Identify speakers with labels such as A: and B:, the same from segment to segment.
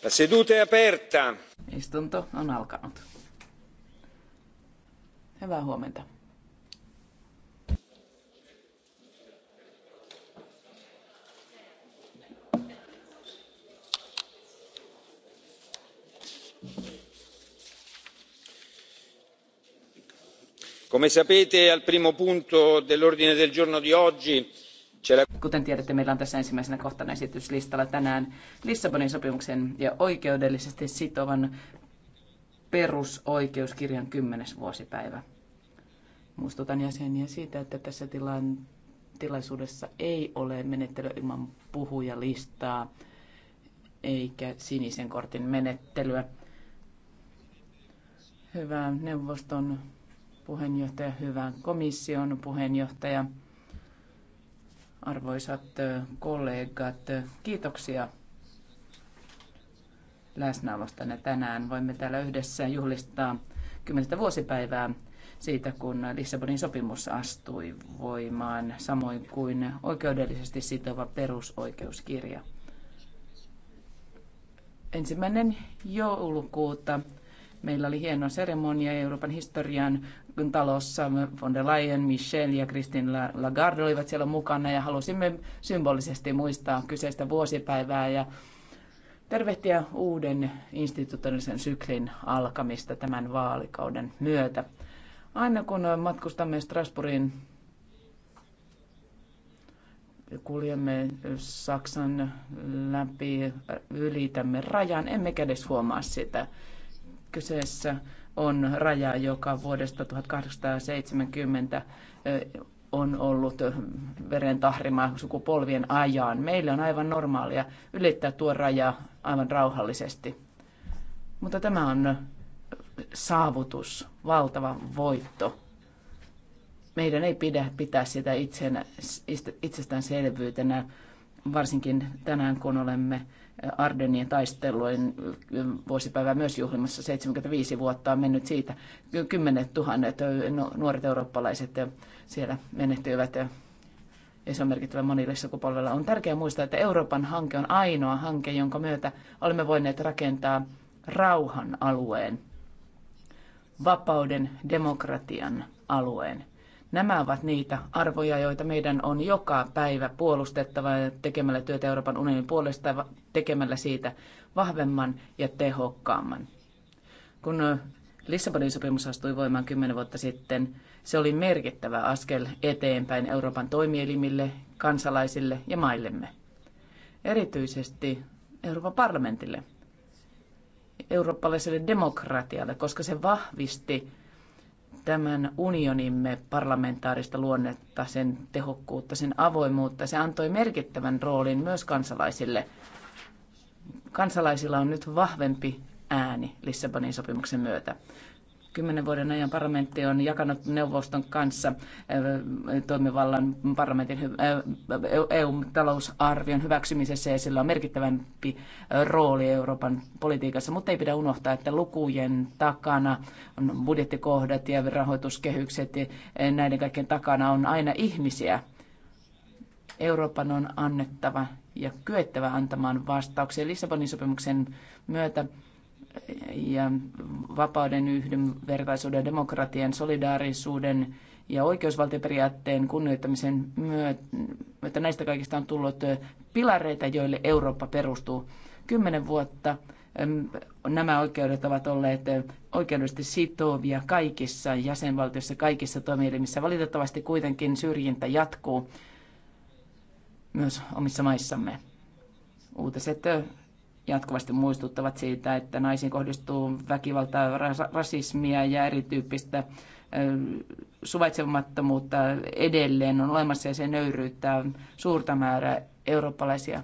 A: La seduta è aperta.
B: Istunto on alkanut. Hyvää huomenta.
A: Come sapete, al primo punto dell'ordine del giorno di oggi
B: Kuten tiedätte, meillä on tässä ensimmäisenä kohtana esityslistalla tänään Lissabonin sopimuksen ja oikeudellisesti sitovan perusoikeuskirjan kymmenes vuosipäivä. Muistutan jäseniä siitä, että tässä tilan, tilaisuudessa ei ole menettely ilman puhujalistaa eikä sinisen kortin menettelyä. Hyvää neuvoston puheenjohtaja, hyvää komission puheenjohtaja. Arvoisat kollegat, kiitoksia läsnäolostanne tänään. Voimme täällä yhdessä juhlistaa 10. vuosipäivää siitä, kun Lissabonin sopimus astui voimaan, samoin kuin oikeudellisesti sitova perusoikeuskirja. Ensimmäinen joulukuuta Meillä oli hieno seremonia Euroopan historian talossa. Von der Leyen, Michel ja Christine Lagarde olivat siellä mukana ja halusimme symbolisesti muistaa kyseistä vuosipäivää ja tervehtiä uuden institutionaalisen syklin alkamista tämän vaalikauden myötä. Aina kun matkustamme Strasbourgin kuljemme Saksan läpi, ylitämme rajan, emmekä edes huomaa sitä. Kyseessä on raja, joka vuodesta 1870 on ollut veren tahrima sukupolvien ajan. Meillä on aivan normaalia ylittää tuo raja aivan rauhallisesti. Mutta tämä on saavutus, valtava voitto. Meidän ei pidä pitää sitä itsenä, itsestäänselvyytenä, varsinkin tänään kun olemme Ardenien taistelujen vuosipäivää myös juhlimassa. 75 vuotta on mennyt siitä. Kymmenet tuhannet nuoret eurooppalaiset siellä menehtyivät ja se on merkittävä monille sukupolvella. On tärkeää muistaa, että Euroopan hanke on ainoa hanke, jonka myötä olemme voineet rakentaa rauhan alueen, vapauden, demokratian alueen – Nämä ovat niitä arvoja, joita meidän on joka päivä puolustettava ja tekemällä työtä Euroopan unionin puolesta tekemällä siitä vahvemman ja tehokkaamman. Kun Lissabonin sopimus astui voimaan kymmenen vuotta sitten, se oli merkittävä askel eteenpäin Euroopan toimielimille, kansalaisille ja maillemme. Erityisesti Euroopan parlamentille, eurooppalaiselle demokratialle, koska se vahvisti tämän unionimme parlamentaarista luonnetta, sen tehokkuutta, sen avoimuutta. Se antoi merkittävän roolin myös kansalaisille. Kansalaisilla on nyt vahvempi ääni Lissabonin sopimuksen myötä. Kymmenen vuoden ajan parlamentti on jakanut neuvoston kanssa äh, toimivallan parlamentin äh, EU-talousarvion e hyväksymisessä ja sillä on merkittävämpi äh, rooli Euroopan politiikassa, mutta ei pidä unohtaa, että lukujen takana on budjettikohdat ja rahoituskehykset ja näiden kaikkien takana on aina ihmisiä. Euroopan on annettava ja kyettävä antamaan vastauksia. Lissabonin sopimuksen myötä ja vapauden, yhdenvertaisuuden, demokratian, solidaarisuuden ja oikeusvaltioperiaatteen kunnioittamisen myötä näistä kaikista on tullut pilareita, joille Eurooppa perustuu. Kymmenen vuotta nämä oikeudet ovat olleet oikeudellisesti sitovia kaikissa jäsenvaltioissa, kaikissa toimielimissä. Valitettavasti kuitenkin syrjintä jatkuu myös omissa maissamme. Uutiset jatkuvasti muistuttavat siitä, että naisiin kohdistuu väkivaltaa, rasismia ja erityyppistä suvaitsemattomuutta edelleen on olemassa ja se nöyryyttää suurta määrää eurooppalaisia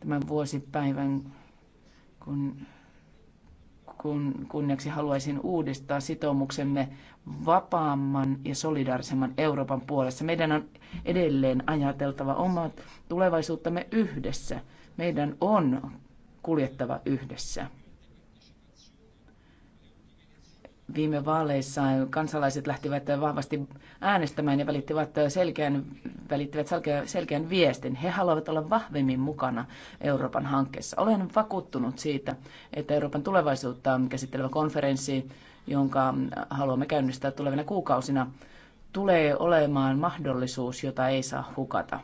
B: tämän vuosipäivän, kun, kun kunniaksi haluaisin uudistaa sitoumuksemme vapaamman ja solidaarisemman Euroopan puolesta. Meidän on edelleen ajateltava omat tulevaisuuttamme yhdessä. Meidän on kuljettava yhdessä. Viime vaaleissa kansalaiset lähtivät vahvasti äänestämään ja välittivät selkeän, välittivät selkeän viestin. He haluavat olla vahvemmin mukana Euroopan hankkeessa. Olen vakuuttunut siitä, että Euroopan tulevaisuutta käsittelevä konferenssi, jonka haluamme käynnistää tulevina kuukausina, tulee olemaan mahdollisuus, jota ei saa hukata.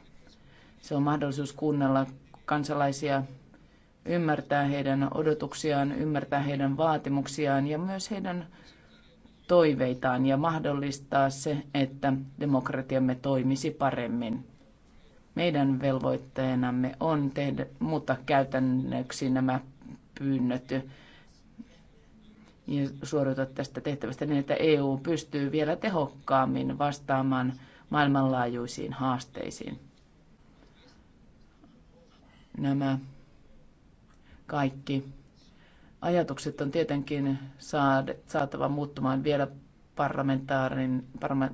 B: Se on mahdollisuus kuunnella kansalaisia ymmärtää heidän odotuksiaan, ymmärtää heidän vaatimuksiaan ja myös heidän toiveitaan ja mahdollistaa se, että demokratiamme toimisi paremmin. Meidän velvoitteenamme on tehdä, muuttaa käytännöksi nämä pyynnöt ja suoriutua tästä tehtävästä niin, että EU pystyy vielä tehokkaammin vastaamaan maailmanlaajuisiin haasteisiin. Nämä kaikki ajatukset on tietenkin saatava muuttumaan vielä parlamentaarin,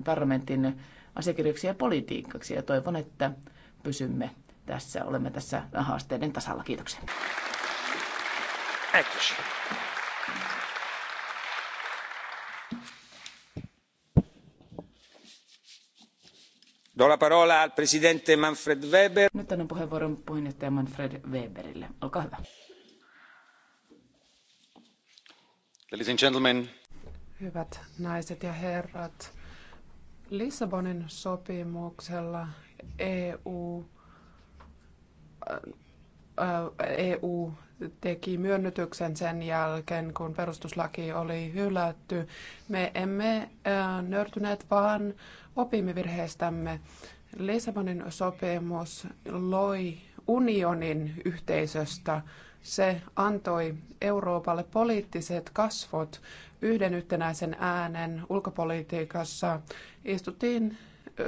B: parlamentin asiakirjoiksi ja politiikaksi. Ja toivon, että pysymme tässä, olemme tässä haasteiden tasalla. Kiitoksia.
A: Kiitos. Nyt
B: annan puheenvuoron puheenjohtaja Manfred Weberille. Olkaa hyvä.
A: Ladies and gentlemen.
C: Hyvät naiset ja herrat, Lissabonin sopimuksella EU, äh, äh, EU teki myönnytyksen sen jälkeen, kun perustuslaki oli hylätty. Me emme äh, nörtyneet vaan opimme virheestämme. Lissabonin sopimus loi unionin yhteisöstä se antoi Euroopalle poliittiset kasvot yhden yhtenäisen äänen ulkopolitiikassa. Istuttiin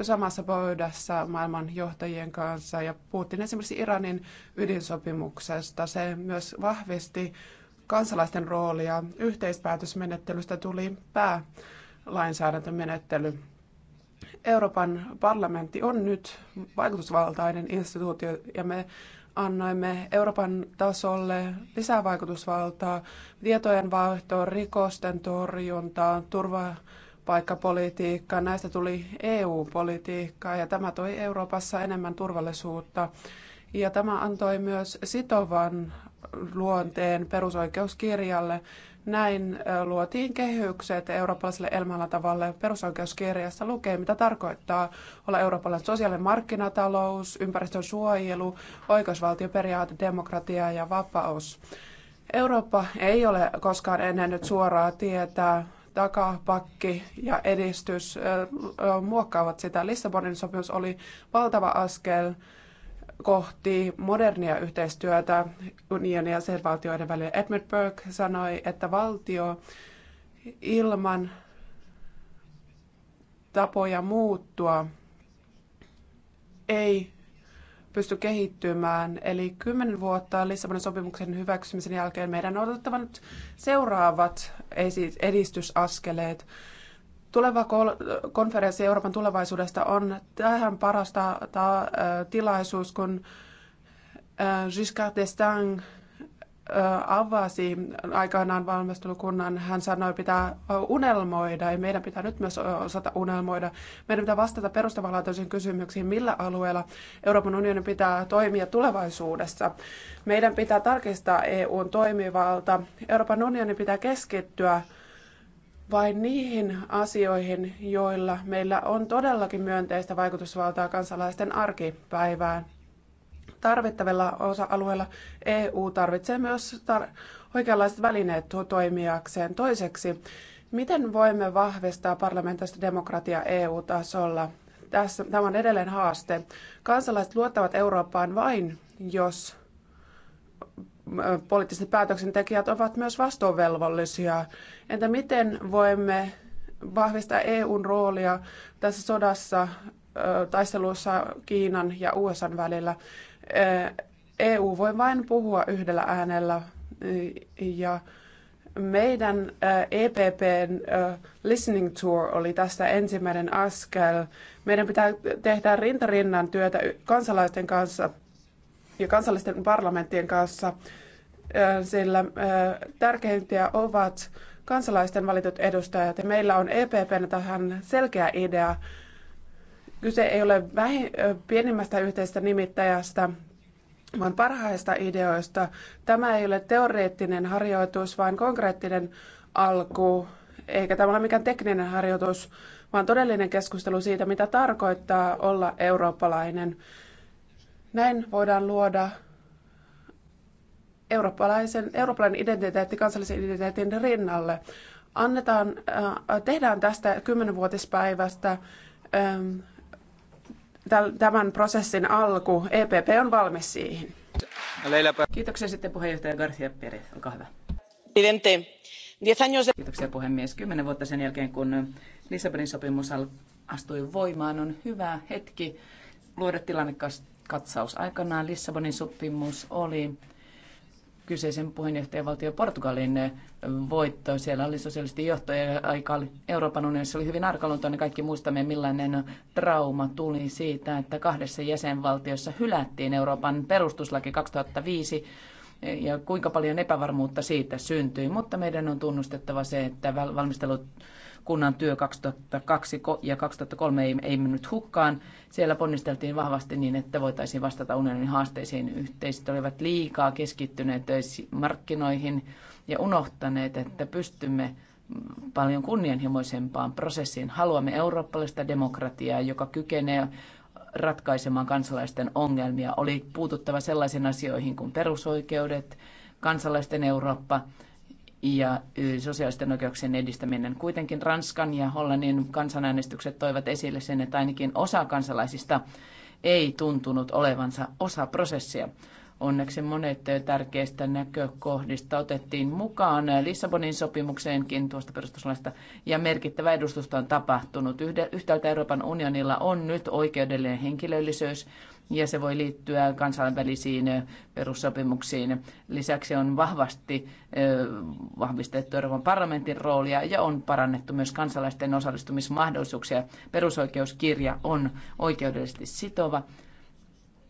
C: samassa pöydässä maailman johtajien kanssa ja puhuttiin esimerkiksi Iranin ydinsopimuksesta. Se myös vahvisti kansalaisten roolia. Yhteispäätösmenettelystä tuli päälainsäädäntömenettely. Euroopan parlamentti on nyt vaikutusvaltainen instituutio ja me annoimme Euroopan tasolle lisää lisävaikutusvaltaa tietojenvaihtoon, rikosten torjuntaan, turvapaikkapolitiikkaan. Näistä tuli EU-politiikkaa ja tämä toi Euroopassa enemmän turvallisuutta. Ja tämä antoi myös sitovan luonteen perusoikeuskirjalle. Näin luotiin kehykset eurooppalaiselle elämällä tavalle. Perusoikeuskirjassa lukee, mitä tarkoittaa olla eurooppalainen sosiaalinen markkinatalous, ympäristön suojelu, oikeusvaltioperiaate, demokratia ja vapaus. Eurooppa ei ole koskaan ennen nyt suoraa tietä takapakki ja edistys muokkaavat sitä. Lissabonin sopimus oli valtava askel kohti modernia yhteistyötä unionin ja jäsenvaltioiden välillä. Edmund Burke sanoi, että valtio ilman tapoja muuttua ei pysty kehittymään. Eli kymmenen vuotta Lissabonin sopimuksen hyväksymisen jälkeen meidän on otettava nyt seuraavat edistysaskeleet. Tuleva konferenssi Euroopan tulevaisuudesta on tähän parasta tilaisuus, kun Giscard d'Estaing avasi aikanaan valmistelukunnan, hän sanoi, pitää unelmoida ja meidän pitää nyt myös osata unelmoida. Meidän pitää vastata perustavanlaatuisiin kysymyksiin, millä alueella Euroopan unionin pitää toimia tulevaisuudessa. Meidän pitää tarkistaa EUn toimivalta. Euroopan unionin pitää keskittyä vain niihin asioihin, joilla meillä on todellakin myönteistä vaikutusvaltaa kansalaisten arkipäivään. Tarvittavilla osa-alueilla EU tarvitsee myös tar- oikeanlaiset välineet toimijakseen. Toiseksi, miten voimme vahvistaa parlamentaarista demokratiaa EU-tasolla? Tässä, tämä on edelleen haaste. Kansalaiset luottavat Eurooppaan vain, jos poliittiset päätöksentekijät ovat myös vastuuvelvollisia Entä miten voimme vahvistaa EUn roolia tässä sodassa, taistelussa Kiinan ja USA välillä? EU voi vain puhua yhdellä äänellä ja meidän EPPn Listening Tour oli tässä ensimmäinen askel. Meidän pitää tehdä rintarinnan työtä kansalaisten kanssa ja kansallisten parlamenttien kanssa, sillä tärkeintä ovat kansalaisten valitut edustajat. Ja meillä on EPPn tähän selkeä idea. Kyse ei ole vähin pienimmästä yhteisestä nimittäjästä, vaan parhaista ideoista. Tämä ei ole teoreettinen harjoitus, vaan konkreettinen alku, eikä tämä ole mikään tekninen harjoitus, vaan todellinen keskustelu siitä, mitä tarkoittaa olla eurooppalainen. Näin voidaan luoda eurooppalaisen, eurooppalainen identiteetti kansallisen identiteetin rinnalle. Annetaan, äh, tehdään tästä kymmenenvuotispäivästä ähm, tämän prosessin alku. EPP on valmis siihen. Kiitoksia sitten puheenjohtaja Garcia Perez. Olkaa hyvä.
B: Kiitoksia puhemies. Kymmenen vuotta sen jälkeen, kun Lissabonin sopimus astui voimaan, on hyvä hetki luoda tilannekatsaus. Aikanaan Lissabonin sopimus oli kyseisen puheenjohtajavaltio Portugalin voitto. Siellä oli sosiaalisesti johtoja aika Euroopan unionissa oli hyvin arkaluontoinen. Kaikki muistamme, millainen trauma tuli siitä, että kahdessa jäsenvaltiossa hylättiin Euroopan perustuslaki 2005 ja kuinka paljon epävarmuutta siitä syntyi. Mutta meidän on tunnustettava se, että valmistelut kunnan työ 2002 ja 2003 ei, ei mennyt hukkaan. Siellä ponnisteltiin vahvasti niin, että voitaisiin vastata unionin haasteisiin. Yhteiset olivat liikaa keskittyneet markkinoihin ja unohtaneet, että pystymme paljon kunnianhimoisempaan prosessiin. Haluamme eurooppalaista demokratiaa, joka kykenee ratkaisemaan kansalaisten ongelmia. Oli puututtava sellaisiin asioihin kuin perusoikeudet, kansalaisten Eurooppa, ja sosiaalisten oikeuksien edistäminen. Kuitenkin Ranskan ja Hollannin kansanäänestykset toivat esille sen, että ainakin osa kansalaisista ei tuntunut olevansa osa prosessia. Onneksi monet tärkeistä näkökohdista otettiin mukaan Lissabonin sopimukseenkin tuosta perustuslaista ja merkittävä edustusta on tapahtunut. Yhtäältä Euroopan unionilla on nyt oikeudellinen henkilöllisyys ja se voi liittyä kansainvälisiin perussopimuksiin. Lisäksi on vahvasti vahvistettu Euroopan parlamentin roolia ja on parannettu myös kansalaisten osallistumismahdollisuuksia. Perusoikeuskirja on oikeudellisesti sitova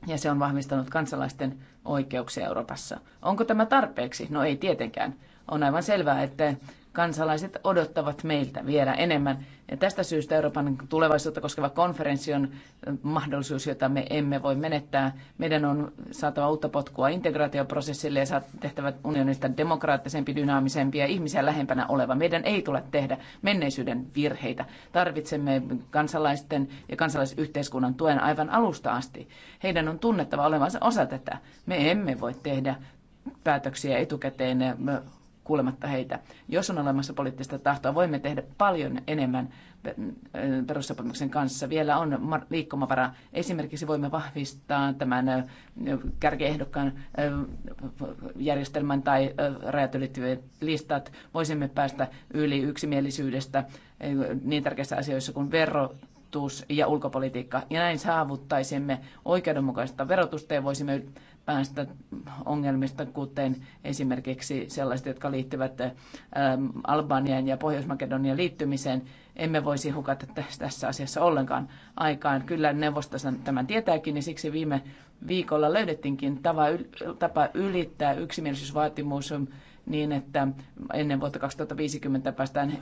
B: ja se on vahvistanut kansalaisten oikeuksia Euroopassa. Onko tämä tarpeeksi? No ei tietenkään. On aivan selvää, että kansalaiset odottavat meiltä vielä enemmän. Ja tästä syystä Euroopan tulevaisuutta koskeva konferenssi on mahdollisuus, jota me emme voi menettää. Meidän on saatava uutta potkua integraatioprosessille ja tehtävä unionista demokraattisempi, dynaamisempi ja ihmisiä lähempänä oleva. Meidän ei tule tehdä menneisyyden virheitä. Tarvitsemme kansalaisten ja kansalaisyhteiskunnan tuen aivan alusta asti. Heidän on tunnettava olevansa osa tätä. Me emme voi tehdä päätöksiä etukäteen kuulematta heitä. Jos on olemassa poliittista tahtoa, voimme tehdä paljon enemmän mm, perussopimuksen kanssa. Vielä on liikkumavara. Esimerkiksi voimme vahvistaa tämän kärkiehdokkaan järjestelmän tai rajat ylittyvät listat. Voisimme päästä yli yksimielisyydestä niin tärkeissä asioissa kuin vero, verotus ja ulkopolitiikka. Ja näin saavuttaisimme oikeudenmukaista verotusta ja voisimme päästä ongelmista, kuten esimerkiksi sellaiset, jotka liittyvät ähm, Albanian ja Pohjois-Makedonian liittymiseen. Emme voisi hukata tässä asiassa ollenkaan aikaan. Kyllä neuvosto tämän tietääkin ja siksi viime viikolla löydettiinkin tapa ylittää yksimielisyysvaatimus niin, että ennen vuotta 2050 päästään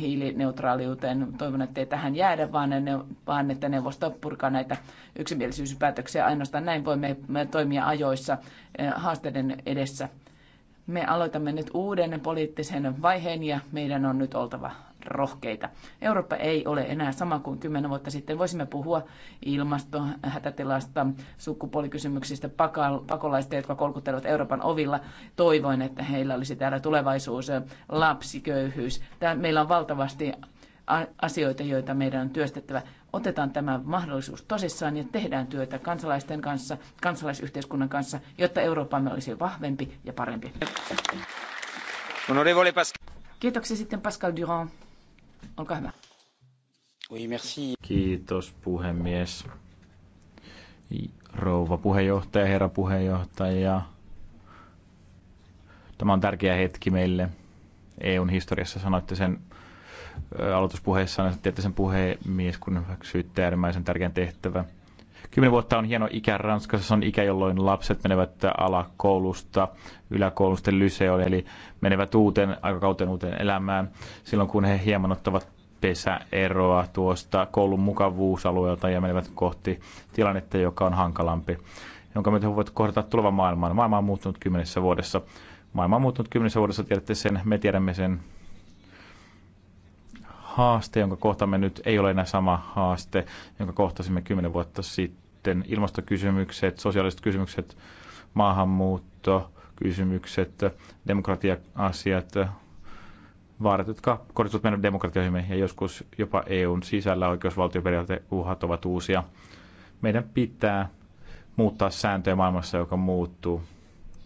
B: hiilineutraaliuteen. Toivon, että ei tähän jäädä, vaan, ne, vaan että neuvosto purkaa näitä yksimielisyyspäätöksiä. Ainoastaan näin voimme toimia ajoissa eh, haasteiden edessä. Me aloitamme nyt uuden poliittisen vaiheen ja meidän on nyt oltava rohkeita. Eurooppa ei ole enää sama kuin kymmenen vuotta sitten. Voisimme puhua ilmasto, hätätilasta, sukupuolikysymyksistä, pakolaista, jotka kolkuttelevat Euroopan ovilla. Toivoin, että heillä olisi täällä tulevaisuus, lapsiköyhyys. Tää, meillä on valtavasti asioita, joita meidän on työstettävä otetaan tämä mahdollisuus tosissaan ja tehdään työtä kansalaisten kanssa, kansalaisyhteiskunnan kanssa, jotta Euroopamme olisi vahvempi ja parempi. Kiitoksia sitten Pascal Durand. Olkaa hyvä.
A: Kiitos puhemies. Rouva puheenjohtaja, herra puheenjohtaja. Tämä on tärkeä hetki meille. EUn historiassa sanoitte sen aloituspuheessaan, että teette sen puhemies, kun syyttää äärimmäisen tärkeän tehtävän. Kymmenen vuotta on hieno ikä Ranskassa. Se on ikä, jolloin lapset menevät alakoulusta, yläkoulusta, lyseolle, eli menevät uuteen aikakauteen uuteen elämään. Silloin kun he hieman ottavat pesäeroa tuosta koulun mukavuusalueelta ja menevät kohti tilannetta, joka on hankalampi, jonka myötä voivat kohdata tulevan maailman. Maailma on muuttunut kymmenessä vuodessa. Maailma on muuttunut kymmenessä vuodessa, tiedätte sen, me tiedämme sen haaste, jonka kohtamme nyt ei ole enää sama haaste, jonka kohtasimme kymmenen vuotta sitten. Ilmastokysymykset, sosiaaliset kysymykset, maahanmuutto, kysymykset, demokratia-asiat, vaarat, jotka kohdistuvat meidän demokratioihimme ja joskus jopa EUn sisällä uhat ovat uusia. Meidän pitää muuttaa sääntöjä maailmassa, joka muuttuu.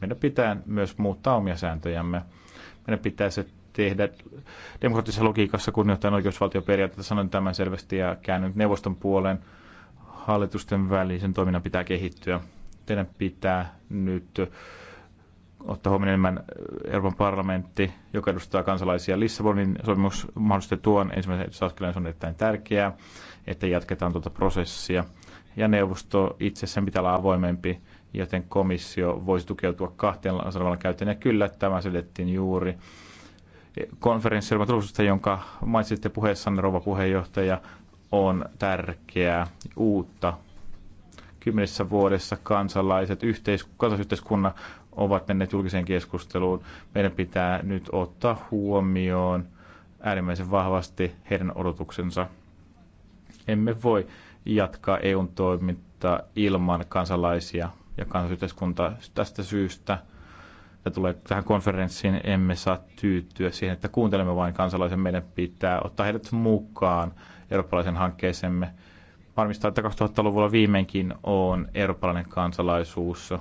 A: Meidän pitää myös muuttaa omia sääntöjämme. Meidän pitää se tehdä demokraattisessa logiikassa kunnioittain oikeusvaltioperiaatteita. Sanon tämän selvästi ja käännyn neuvoston puoleen. Hallitusten välisen toiminnan pitää kehittyä. Teidän pitää nyt ottaa huomioon enemmän Euroopan parlamentti, joka edustaa kansalaisia. Lissabonin sopimus mahdollisesti tuon ensimmäisen askeleen on erittäin tärkeää, että jatketaan tuota prosessia. Ja neuvosto itsessään pitää olla avoimempi, joten komissio voisi tukeutua kahteen sanomalla käyttöön. Ja kyllä, tämä selitettiin juuri konferenssilla turvallisuudesta, jonka mainitsitte puheessanne, rouva puheenjohtaja, on tärkeää uutta. Kymmenessä vuodessa kansalaiset, yhteis- kansalaisyhteiskunnan ovat menneet julkiseen keskusteluun. Meidän pitää nyt ottaa huomioon äärimmäisen vahvasti heidän odotuksensa. Emme voi jatkaa EUn toimintaa ilman kansalaisia ja kansalaisyhteiskunta tästä syystä – mitä tulee tähän konferenssiin, emme saa tyytyä siihen, että kuuntelemme vain kansalaisen. Meidän pitää ottaa heidät mukaan eurooppalaisen hankkeeseemme. Varmistaa, että 2000-luvulla viimeinkin on eurooppalainen kansalaisuus,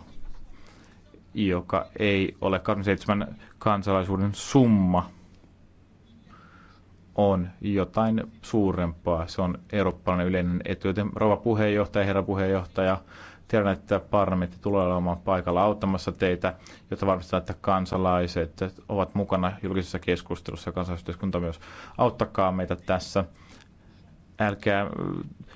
A: joka ei ole 27 kansalaisuuden summa, on jotain suurempaa. Se on eurooppalainen yleinen etu, joten rouva puheenjohtaja, herra puheenjohtaja, Tiedän, että parlamentti tulee olemaan paikalla auttamassa teitä, jotta varmistetaan, että kansalaiset ovat mukana julkisessa keskustelussa ja kansalaisyhteiskunta myös. Auttakaa meitä tässä. Älkää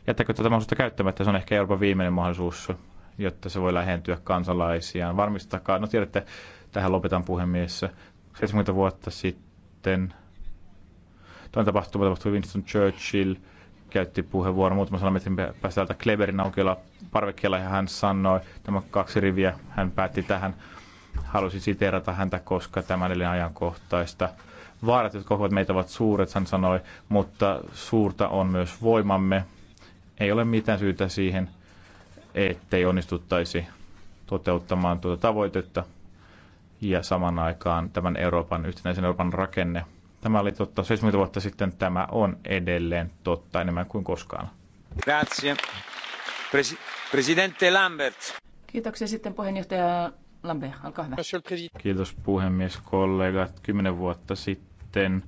A: jättäkö tätä mahdollisuutta käyttämättä, se on ehkä Euroopan viimeinen mahdollisuus, jotta se voi lähentyä kansalaisiaan. Varmistakaa, no tiedätte, tähän lopetan puhemies. 70 vuotta sitten toinen tapahtuma tapahtui Winston Churchill – käytti puheenvuoron muutama sana metrin päästä täältä Kleberin aukiolla parvekkeella ja hän sanoi, tämä kaksi riviä, hän päätti tähän, halusi siteerata häntä, koska tämä oli ajankohtaista. Vaarat, jotka kohdat meitä ovat suuret, hän sanoi, mutta suurta on myös voimamme. Ei ole mitään syytä siihen, ettei onnistuttaisi toteuttamaan tuota tavoitetta. Ja saman aikaan tämän Euroopan, yhtenäisen Euroopan rakenne Tämä oli totta 70 vuotta sitten, tämä on edelleen totta enemmän kuin koskaan. Grazie. Presidente Lambert.
B: Kiitoksia sitten puheenjohtaja Lambert, olkaa hyvä.
A: Kiitos puhemies, kollegat. Kymmenen vuotta sitten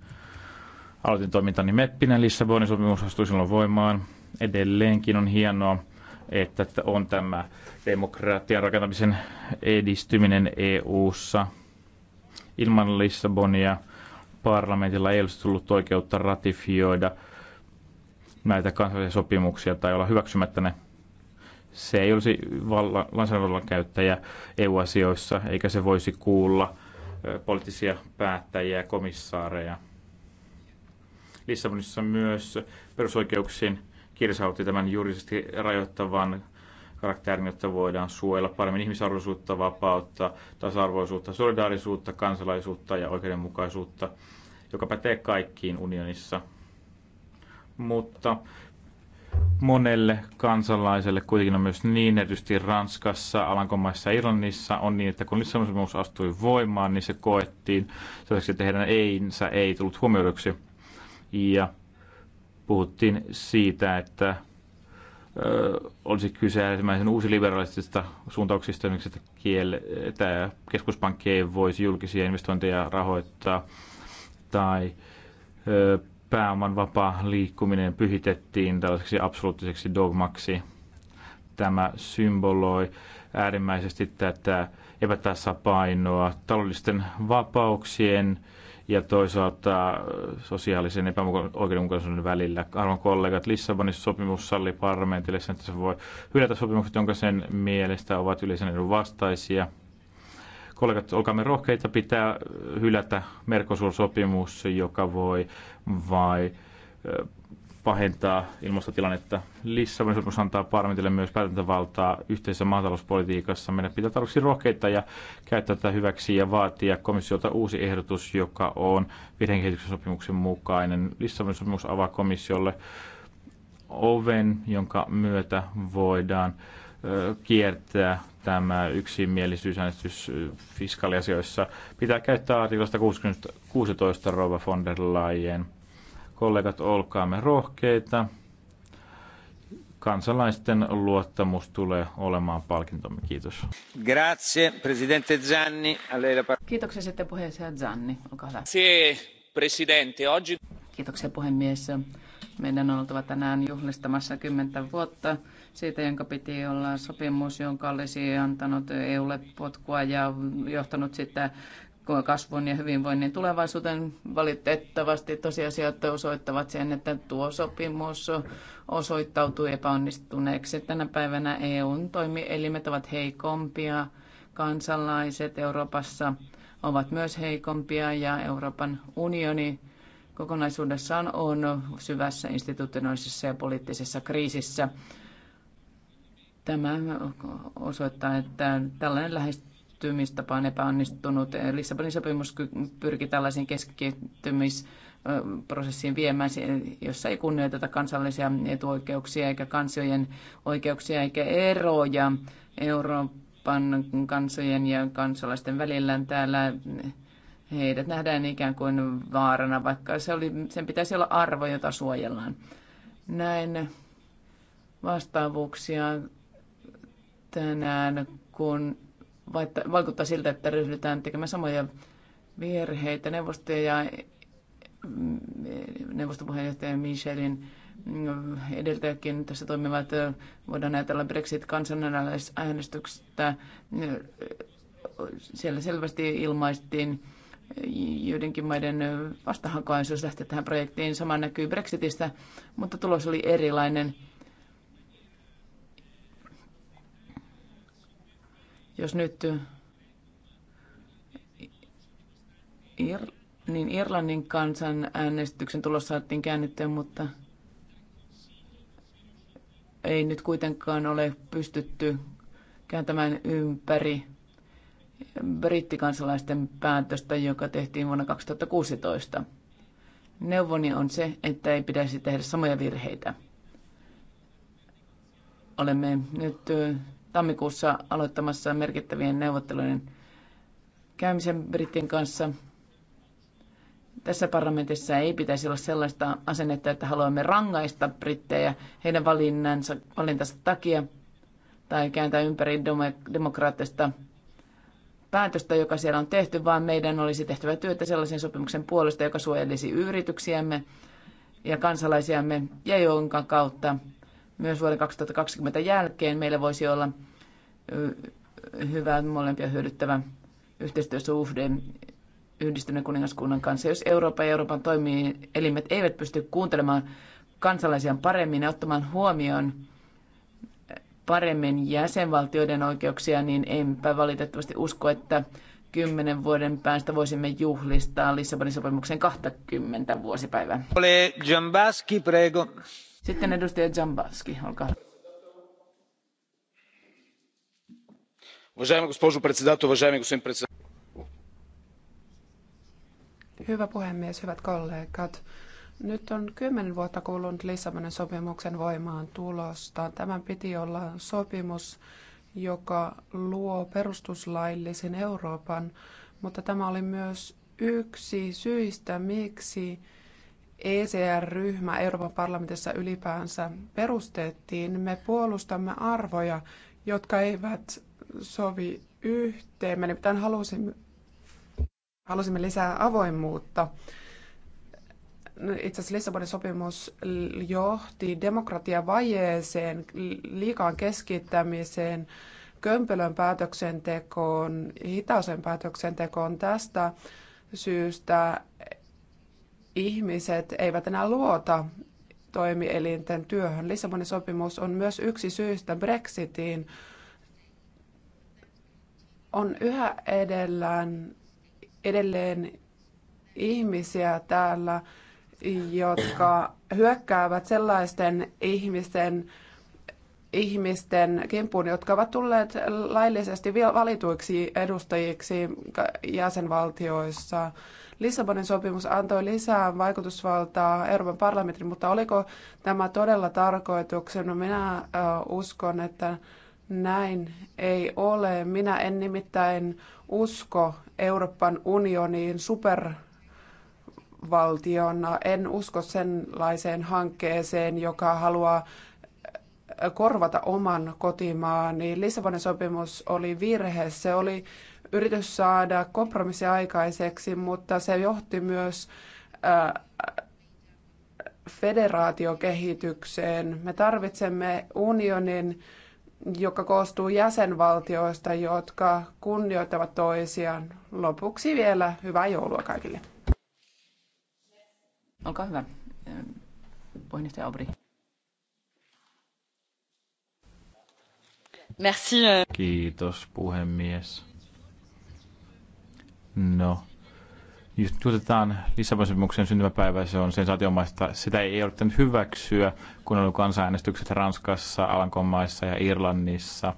A: aloitin toimintani Meppinen Lissabonin sopimus astui silloin voimaan. Edelleenkin on hienoa, että on tämä demokratian rakentamisen edistyminen EU-ssa. Ilman Lissabonia – parlamentilla ei olisi tullut oikeutta ratifioida näitä kansallisia sopimuksia tai olla hyväksymättä ne. Se ei olisi lainsäädännön käyttäjä EU-asioissa, eikä se voisi kuulla poliittisia päättäjiä ja komissaareja. Lissabonissa myös perusoikeuksien kirsautti tämän juridisesti rajoittavan karakterin, jotta voidaan suojella paremmin ihmisarvoisuutta, vapautta, tasa-arvoisuutta, solidaarisuutta, kansalaisuutta ja oikeudenmukaisuutta, joka pätee kaikkiin unionissa. Mutta monelle kansalaiselle kuitenkin on myös niin, erityisesti Ranskassa, Alankomaissa ja Irlannissa on niin, että kun Lissabonin astui voimaan, niin se koettiin sellaiseksi, että heidän einsä ei tullut huomioiduksi. Ja puhuttiin siitä, että olisi kyse ensimmäisen uusiliberalistisista suuntauksista, miksi että, kiel, että keskuspankki ei voisi julkisia investointeja rahoittaa, tai ö, pääoman vapaa liikkuminen pyhitettiin tällaiseksi absoluuttiseksi dogmaksi. Tämä symboloi äärimmäisesti tätä epätasapainoa taloudellisten vapauksien ja toisaalta äh, sosiaalisen epäoikeudenmukaisuuden välillä. Arvon kollegat, Lissabonin sopimus salli parlamentille sen, että se voi hylätä sopimukset, jonka sen mielestä ovat yleisen edun vastaisia. Kollegat, olkaamme rohkeita, pitää hylätä Mercosur-sopimus, joka voi vai äh, pahentaa ilmastotilannetta. Lissabonin sopimus antaa parlamentille myös päätäntävaltaa yhteisessä maatalouspolitiikassa. Meidän pitää tarvitsi rohkeita ja käyttää tätä hyväksi ja vaatia komissiolta uusi ehdotus, joka on vihreän kehityksen sopimuksen mukainen. Lissabonin sopimus avaa komissiolle oven, jonka myötä voidaan kiertää tämä yksimielisyysäänestys fiskaaliasioissa. Pitää käyttää artiklasta 16 Rova von der Leyen Kollegat, olkaamme rohkeita. Kansalaisten luottamus tulee olemaan palkintomme. Kiitos.
B: Grazie, presidente Zanni. Kiitoksia sitten puheenjohtaja Zanni. Olkaa hyvä. presidente. Oggi... Kiitoksia puhemies. Meidän on oltava tänään juhlistamassa kymmentä vuotta siitä, jonka piti olla sopimus, jonka olisi antanut EUlle potkua ja johtanut sitä kasvun ja hyvinvoinnin tulevaisuuteen. Valitettavasti tosiasiat osoittavat sen, että tuo sopimus osoittautuu epäonnistuneeksi. Tänä päivänä EUn toimielimet ovat heikompia, kansalaiset Euroopassa ovat myös heikompia ja Euroopan unioni kokonaisuudessaan on syvässä institutionaalisessa ja poliittisessa kriisissä. Tämä osoittaa, että tällainen lähestymistapa keskittymistapa on epäonnistunut. Eh, Lissabonin sopimus pyrki tällaisiin keskittymisprosessiin viemään, jossa ei kunnioiteta kansallisia etuoikeuksia eikä kansojen oikeuksia eikä eroja Euroopan kansojen ja kansalaisten välillä. Täällä heidät nähdään ikään kuin vaarana, vaikka se oli, sen pitäisi olla arvo, jota suojellaan. Näin vastaavuuksia tänään, kun vaikuttaa siltä, että ryhdytään tekemään samoja virheitä. Neuvostojen ja mm, neuvostopuheenjohtaja Michelin mm, edeltäjäkin tässä toimivat, voidaan ajatella Brexit-kansanäänestyksestä, siellä selvästi ilmaistiin joidenkin maiden vastahakoisuus lähteä tähän projektiin. Sama näkyy Brexitistä, mutta tulos oli erilainen. Jos nyt Ir, niin Irlannin kansan äänestyksen tulos saatiin käännettyä, mutta ei nyt kuitenkaan ole pystytty kääntämään ympäri brittikansalaisten päätöstä, joka tehtiin vuonna 2016. Neuvoni on se, että ei pitäisi tehdä samoja virheitä. Olemme nyt tammikuussa aloittamassa merkittävien neuvottelujen käymisen Britin kanssa. Tässä parlamentissa ei pitäisi olla sellaista asennetta, että haluamme rangaista brittejä heidän valinnansa, valintansa takia tai kääntää ympäri demokraattista päätöstä, joka siellä on tehty, vaan meidän olisi tehtävä työtä sellaisen sopimuksen puolesta, joka suojelisi yrityksiämme ja kansalaisiamme ja jonka kautta myös vuoden 2020 jälkeen meillä voisi olla hyvä molempia hyödyttävä yhteistyösuhde yhdistyneen kuningaskunnan kanssa. Jos Eurooppa ja Euroopan elimet eivät pysty kuuntelemaan kansalaisiaan paremmin ja ottamaan huomioon paremmin jäsenvaltioiden oikeuksia, niin enpä valitettavasti usko, että kymmenen vuoden päästä voisimme juhlistaa Lissabonin sopimuksen 20 vuosipäivää.
A: Ole Jambaski, prego.
B: Sitten edustaja Zambaski, olkaa
A: hyvä.
C: Hyvä puhemies, hyvät kollegat. Nyt on kymmenen vuotta kulunut Lissabonin sopimuksen voimaan tulosta. Tämän piti olla sopimus, joka luo perustuslaillisen Euroopan, mutta tämä oli myös yksi syistä, miksi ECR-ryhmä Euroopan parlamentissa ylipäänsä perustettiin, me puolustamme arvoja, jotka eivät sovi yhteen. Me nimittäin halusimme, halusimme lisää avoimuutta. Itse asiassa Lissabonin sopimus johti demokratiavajeeseen, liikaan keskittämiseen, kömpelön päätöksentekoon, hitaaseen päätöksentekoon. Tästä syystä ihmiset eivät enää luota toimielinten työhön. Lissabonin sopimus on myös yksi syystä Brexitiin. On yhä edellään, edelleen ihmisiä täällä, jotka hyökkäävät sellaisten ihmisten ihmisten kimppuun, jotka ovat tulleet laillisesti valituiksi edustajiksi jäsenvaltioissa. Lissabonin sopimus antoi lisää vaikutusvaltaa Euroopan parlamentin, mutta oliko tämä todella tarkoituksena? Minä uskon, että näin ei ole. Minä en nimittäin usko Euroopan unioniin super valtiona. En usko senlaiseen hankkeeseen, joka haluaa korvata oman kotimaan, niin Lissabonin sopimus oli virhe. Se oli yritys saada kompromissi aikaiseksi, mutta se johti myös äh, federaatiokehitykseen. Me tarvitsemme unionin, joka koostuu jäsenvaltioista, jotka kunnioittavat toisiaan. Lopuksi vielä hyvää joulua kaikille. Olkaa hyvä, äh, puheenjohtaja Aubry.
A: Merci. Euh. Kiitos puhemies. No, just tuotetaan Lissabonin sopimuksen syntymäpäivä, se on sensaatiomaista. Sitä ei ole pitänyt hyväksyä, kun on ollut kansanäänestykset Ranskassa, Alankomaissa ja Irlannissa.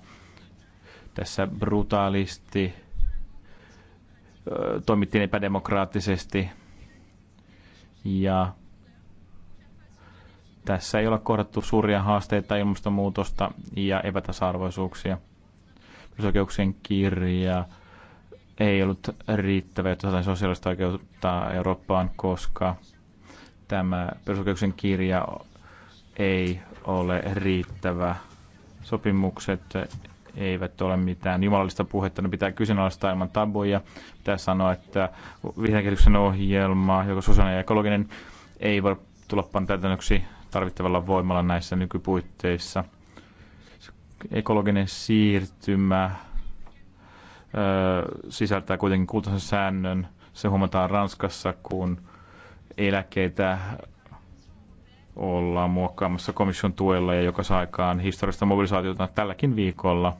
A: Tässä brutaalisti toimittiin epädemokraattisesti ja tässä ei ole kohdattu suuria haasteita ilmastonmuutosta ja epätasa-arvoisuuksia. Perusoikeuksien kirja ei ollut riittävä, jotta saadaan sosiaalista oikeutta Eurooppaan, koska tämä perusoikeuksien kirja ei ole riittävä. Sopimukset eivät ole mitään jumalallista puhetta, ne pitää kyseenalaistaa ilman tabuja. Pitää sanoa, että vihreän ohjelma, joka sosiaalinen ja ekologinen, ei voi tulla pantäytännöksi tarvittavalla voimalla näissä nykypuitteissa. Ekologinen siirtymä sisältää kuitenkin kultaisen säännön. Se huomataan Ranskassa, kun eläkkeitä ollaan muokkaamassa komission tuella ja joka saa aikaan historiallista mobilisaatiota tälläkin viikolla.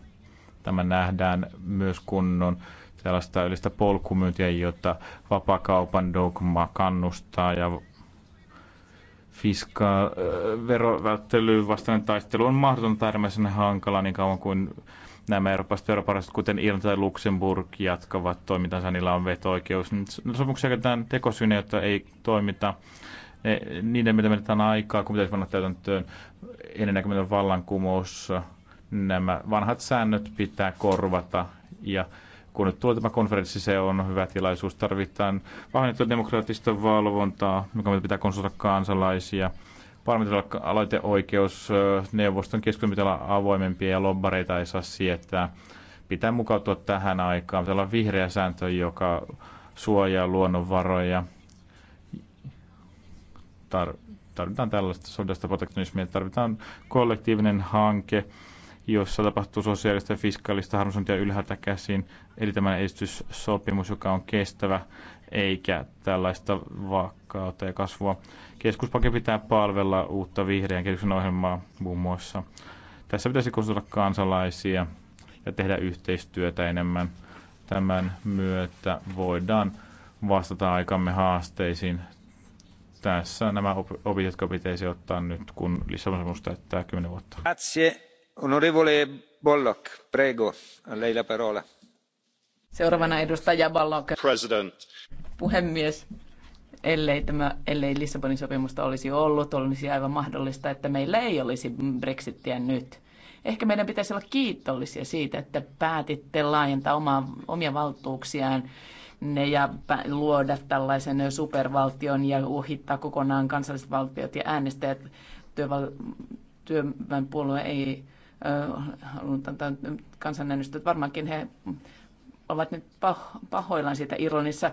A: Tämä nähdään myös kunnon tällaista yleistä polkumyyntiä, jota vapakaupan dogma kannustaa ja fiska, äh, verovälttelyyn vastainen taistelu on mahdotonta äärimmäisen hankala niin kauan kuin nämä eurooppalaiset veroparastot, kuten Irlanti tai Luxemburg, jatkavat toimintansa, niillä on veto-oikeus. Sopimuksia käytetään tekosyne, jotta ei toimita e, niiden, mitä menetään aikaa, kun pitäisi panna täytäntöön ennennäkemätön vallankumous. Nämä vanhat säännöt pitää korvata ja kun nyt tulee tämä konferenssi, se on hyvä tilaisuus. Tarvitaan vahvennettua demokraattista valvontaa, mikä pitää konsultoida kansalaisia. Parlamentilla aloiteoikeus, neuvoston keskustelu pitää olla avoimempia ja lobbareita ei saa sietää. Pitää mukautua tähän aikaan. Pitää olla vihreä sääntö, joka suojaa luonnonvaroja. Tar- tarvitaan tällaista sodasta protektionismia, tarvitaan kollektiivinen hanke, jossa tapahtuu sosiaalista ja fiskaalista harmonisointia ylhäältä käsin, eli tämä edistyssopimus, joka on kestävä, eikä tällaista vakautta ja kasvua. Keskuspankin pitää palvella uutta vihreän kehityksen ohjelmaa muun muassa. Tässä pitäisi konsultoida kansalaisia ja tehdä yhteistyötä enemmän. Tämän myötä voidaan vastata aikamme haasteisiin. Tässä nämä opit, jotka pitäisi ottaa nyt, kun Lissabonin täyttää 10 vuotta. Grazie arvoisa
B: puhemies ellei, tämä, ellei Lissabonin sopimusta olisi ollut, olisi aivan mahdollista, että meillä ei olisi brexitiä nyt. Ehkä meidän pitäisi olla kiitollisia siitä, että päätitte laajentaa omaa, omia valtuuksiaan ne ja luoda tällaisen supervaltion ja ohittaa kokonaan kansalliset valtiot ja äänestäjät työväenpuolue ei halunnut antaa kansanäänestöt. Varmaankin he ovat nyt pahoillaan siitä Irlannissa,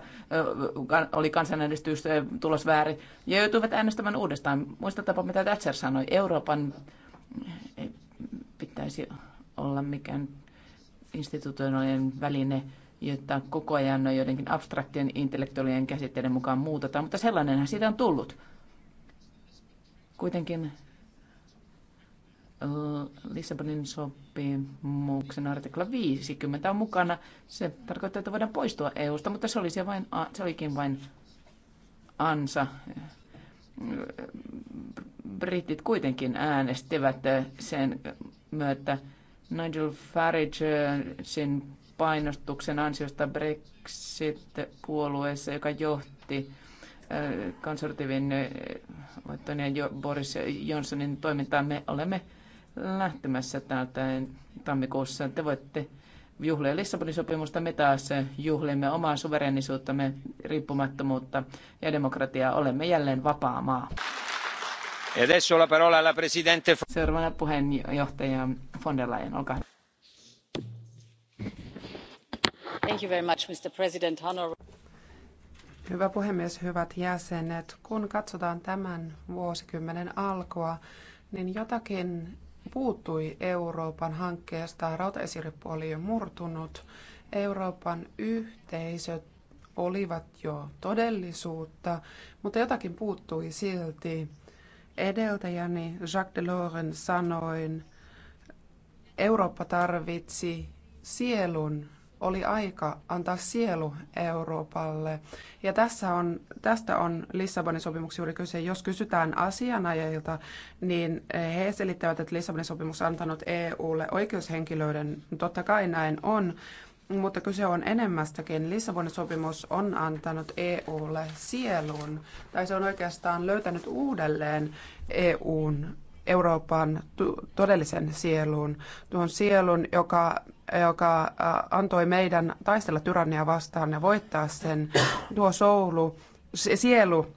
B: oli kansanäänestys tulos väärin, ja joutuivat äänestämään uudestaan. Muistatapa, mitä Thatcher sanoi, Euroopan ei eh, pitäisi olla mikään institutionaalinen väline, jota koko ajan joidenkin abstraktien intellektuaalien käsitteiden mukaan muutetaan, mutta sellainenhan siitä on tullut. Kuitenkin Lissabonin sopimuksen artikla 50 on mukana. Se tarkoittaa, että voidaan poistua EUsta, mutta se, olisi vain, se olikin vain ansa. Britit kuitenkin äänestivät sen myötä Nigel Farage sen painostuksen ansiosta Brexit-puolueessa, joka johti konservatiivin voittoon ja Boris Johnsonin toimintaan. Me olemme lähtemässä täältä tammikuussa. Te voitte juhlia Lissabonin sopimusta, me taas juhlimme omaa suverenisuuttamme, riippumattomuutta ja demokratiaa. Olemme jälleen vapaa maa.
A: E adesso la parola alla presidente...
B: Seuraavana puheenjohtaja von der Leyen, olkaa hyvä. Thank you very much, Mr. President.
C: Hyvä puhemies, hyvät jäsenet. Kun katsotaan tämän vuosikymmenen alkua, niin jotakin puuttui Euroopan hankkeesta, rautaesirippu jo murtunut. Euroopan yhteisöt olivat jo todellisuutta, mutta jotakin puuttui silti. Edeltäjäni Jacques Delorsin sanoin, Eurooppa tarvitsi sielun oli aika antaa sielu Euroopalle. Ja tässä on, tästä on Lissabonin sopimuksessa juuri kyse. Jos kysytään asianajajilta, niin he selittävät, että Lissabonin sopimus on antanut EUlle oikeushenkilöiden. Totta kai näin on, mutta kyse on enemmästäkin. Lissabonin sopimus on antanut EUlle sielun, tai se on oikeastaan löytänyt uudelleen EUn Euroopan todellisen sielun, tuon sielun, joka joka antoi meidän taistella tyrannia vastaan ja voittaa sen. Tuo soulu, sielu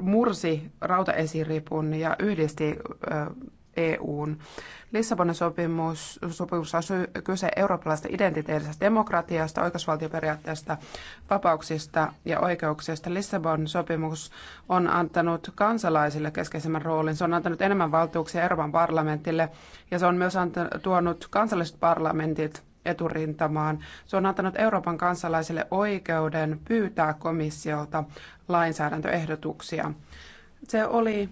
C: mursi rautaesiripun ja yhdisti EUn. Lissabonin sopimus, sopimus on kyse eurooppalaisesta identiteetistä, demokratiasta, oikeusvaltioperiaatteesta, vapauksista ja oikeuksista. Lissabonin sopimus on antanut kansalaisille keskeisemmän roolin. Se on antanut enemmän valtuuksia Euroopan parlamentille ja se on myös antanut, tuonut kansalliset parlamentit eturintamaan. Se on antanut Euroopan kansalaisille oikeuden pyytää komissiolta lainsäädäntöehdotuksia. Se oli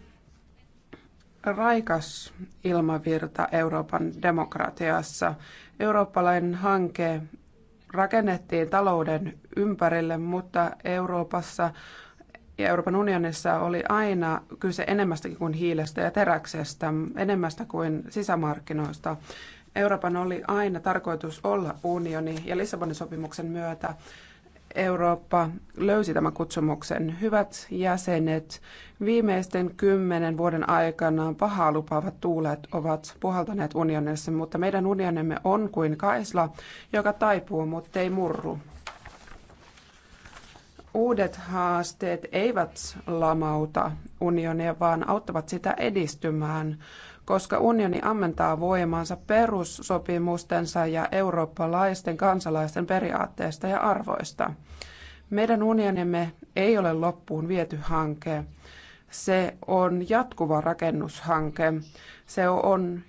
C: raikas ilmavirta Euroopan demokratiassa. Eurooppalainen hanke rakennettiin talouden ympärille, mutta Euroopassa ja Euroopan unionissa oli aina kyse enemmästäkin kuin hiilestä ja teräksestä, enemmästä kuin sisämarkkinoista. Euroopan oli aina tarkoitus olla unioni ja Lissabonin sopimuksen myötä Eurooppa löysi tämän kutsumuksen. Hyvät jäsenet, viimeisten kymmenen vuoden aikana pahaa lupaavat tuulet ovat puhaltaneet unionissa, mutta meidän unionimme on kuin kaisla, joka taipuu, mutta ei murru. Uudet haasteet eivät lamauta unionia, vaan auttavat sitä edistymään koska unioni ammentaa voimansa perussopimustensa ja eurooppalaisten kansalaisten periaatteista ja arvoista. Meidän unionimme ei ole loppuun viety hanke. Se on jatkuva rakennushanke. Se on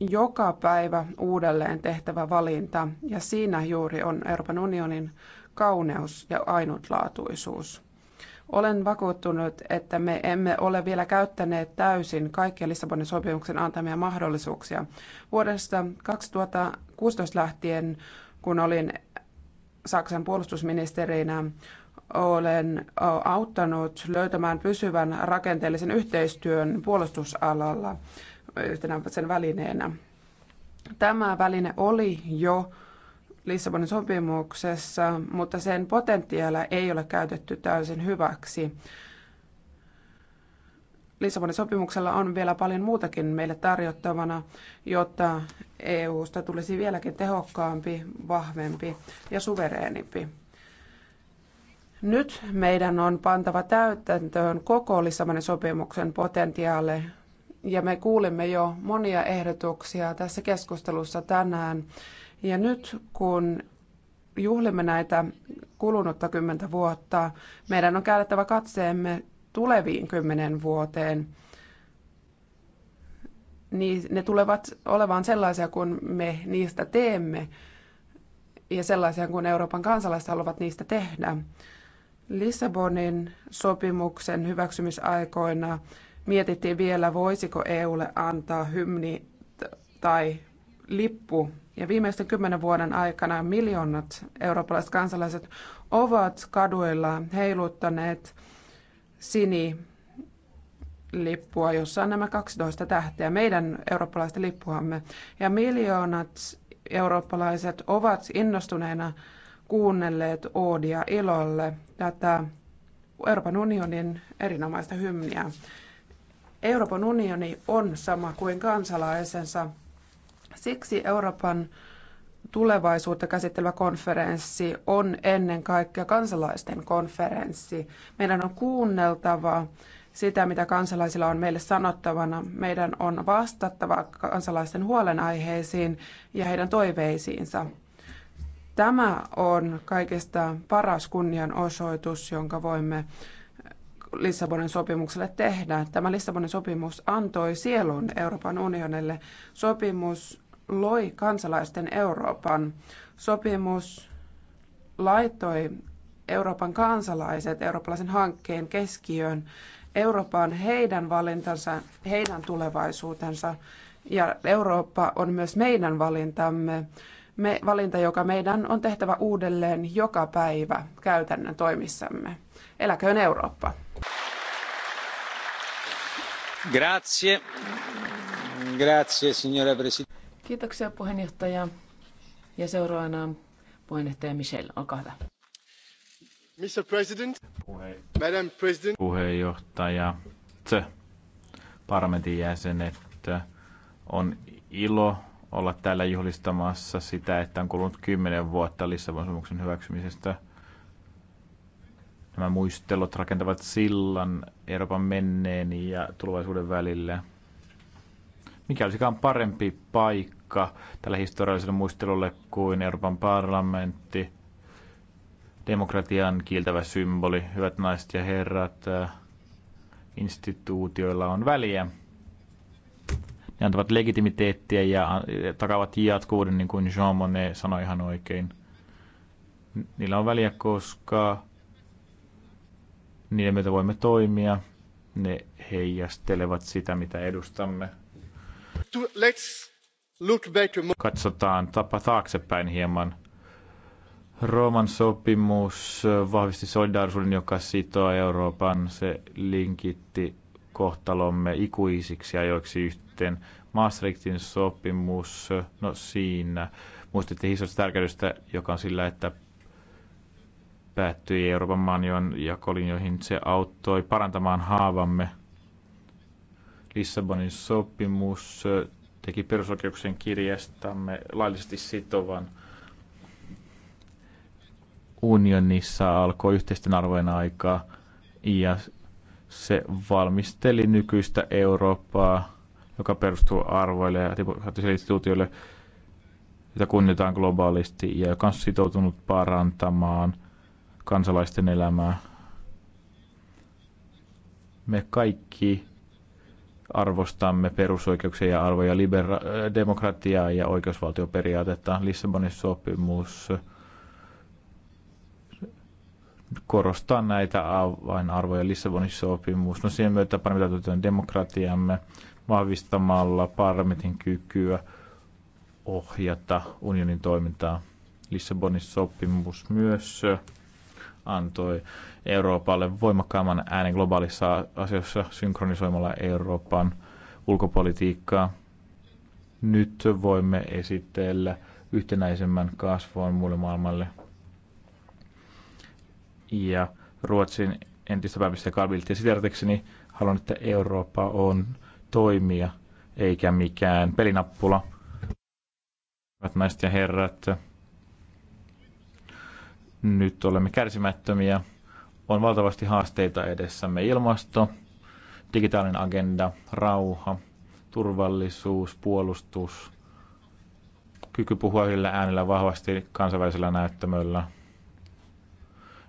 C: joka päivä uudelleen tehtävä valinta ja siinä juuri on Euroopan unionin kauneus ja ainutlaatuisuus. Olen vakuuttunut, että me emme ole vielä käyttäneet täysin kaikkia Lissabonin sopimuksen antamia mahdollisuuksia. Vuodesta 2016 lähtien, kun olin Saksan puolustusministerinä, olen auttanut löytämään pysyvän rakenteellisen yhteistyön puolustusalalla yhtenä sen välineenä. Tämä väline oli jo Lissabonin sopimuksessa, mutta sen potentiaalia ei ole käytetty täysin hyväksi. Lissabonin sopimuksella on vielä paljon muutakin meille tarjottavana, jotta EUsta tulisi vieläkin tehokkaampi, vahvempi ja suvereenimpi. Nyt meidän on pantava täytäntöön koko Lissabonin sopimuksen potentiaali, ja me kuulimme jo monia ehdotuksia tässä keskustelussa tänään. Ja nyt kun juhlimme näitä kulunutta kymmentä vuotta, meidän on käännettävä katseemme tuleviin kymmenen vuoteen. Niin ne tulevat olemaan sellaisia kun me niistä teemme ja sellaisia kun Euroopan kansalaiset haluavat niistä tehdä. Lissabonin sopimuksen hyväksymisaikoina mietittiin vielä, voisiko EUlle antaa hymni tai lippu ja viimeisten kymmenen vuoden aikana miljoonat eurooppalaiset kansalaiset ovat kaduilla heiluttaneet sinilippua, jossa on nämä 12 tähteä, meidän eurooppalaista lippuamme. Ja miljoonat eurooppalaiset ovat innostuneena kuunnelleet Oodia ilolle tätä Euroopan unionin erinomaista hymniä. Euroopan unioni on sama kuin kansalaisensa Siksi Euroopan tulevaisuutta käsittelevä konferenssi on ennen kaikkea kansalaisten konferenssi. Meidän on kuunneltava sitä, mitä kansalaisilla on meille sanottavana. Meidän on vastattava kansalaisten huolenaiheisiin ja heidän toiveisiinsa. Tämä on kaikista paras kunnianosoitus, jonka voimme Lissabonin sopimukselle tehdä. Tämä Lissabonin sopimus antoi sielun Euroopan unionille. Sopimus loi kansalaisten Euroopan. Sopimus laittoi Euroopan kansalaiset eurooppalaisen hankkeen keskiöön. Eurooppa on heidän valintansa, heidän tulevaisuutensa ja Eurooppa on myös meidän valintamme. Me, valinta, joka meidän on tehtävä uudelleen joka päivä käytännön toimissamme. Eläköön Eurooppa.
A: Grazie. Grazie, signora Presidente.
B: Kiitoksia puheenjohtaja. Ja seuraavana puheenjohtaja Michel, olkaa hyvä. Mr. President,
A: Puhe- Madam President. puheenjohtaja, tse, parlamentin jäsenet, on ilo olla täällä juhlistamassa sitä, että on kulunut kymmenen vuotta Lissabon sopimuksen hyväksymisestä. Nämä muistelut rakentavat sillan Euroopan menneen ja tulevaisuuden välille mikä olisikaan parempi paikka tälle historialliselle muistelulle kuin Euroopan parlamentti, demokratian kiiltävä symboli, hyvät naiset ja herrat, äh, instituutioilla on väliä. Ne antavat legitimiteettiä ja äh, takavat jatkuvuuden, niin kuin Jean Monnet sanoi ihan oikein. Niillä on väliä, koska niiden myötä voimme toimia. Ne heijastelevat sitä, mitä edustamme. Katsotaan tapa taaksepäin hieman. Rooman sopimus vahvisti solidaarisuuden, joka sitoo Euroopan. Se linkitti kohtalomme ikuisiksi ajoiksi yhteen. Maastrichtin sopimus, no siinä muistitte historiallista tärkeydestä, joka on sillä, että päättyi Euroopan maanjoon jakolinjoihin. Se auttoi parantamaan haavamme – Lissabonin sopimus teki perusoikeuksien kirjastamme laillisesti sitovan. Unionissa alkoi yhteisten arvojen aikaa ja se valmisteli nykyistä Eurooppaa, joka perustuu arvoille ja demokraattisille instituutioille, jota kunnioitetaan globaalisti ja joka on sitoutunut parantamaan kansalaisten elämää. Me kaikki arvostamme perusoikeuksia ja arvoja, libera- äh, demokratiaa ja oikeusvaltioperiaatetta. Lissabonin sopimus korostaa näitä avainarvoja Lissabonin sopimus. No siihen myötä paremmin demokratiamme vahvistamalla parlamentin kykyä ohjata unionin toimintaa. Lissabonin sopimus myös antoi Euroopalle voimakkaamman äänen globaalissa asioissa synkronisoimalla Euroopan ulkopolitiikkaa. Nyt voimme esitellä yhtenäisemmän kasvun muulle maailmalle. Ja Ruotsin entistä pääministeriä ja Niin haluan, että Eurooppa on toimija eikä mikään pelinappula. Hyvät naiset ja herrat, nyt olemme kärsimättömiä. On valtavasti haasteita edessämme. Ilmasto, digitaalinen agenda, rauha, turvallisuus, puolustus, kyky puhua yhdellä äänellä vahvasti kansainvälisellä näyttämöllä.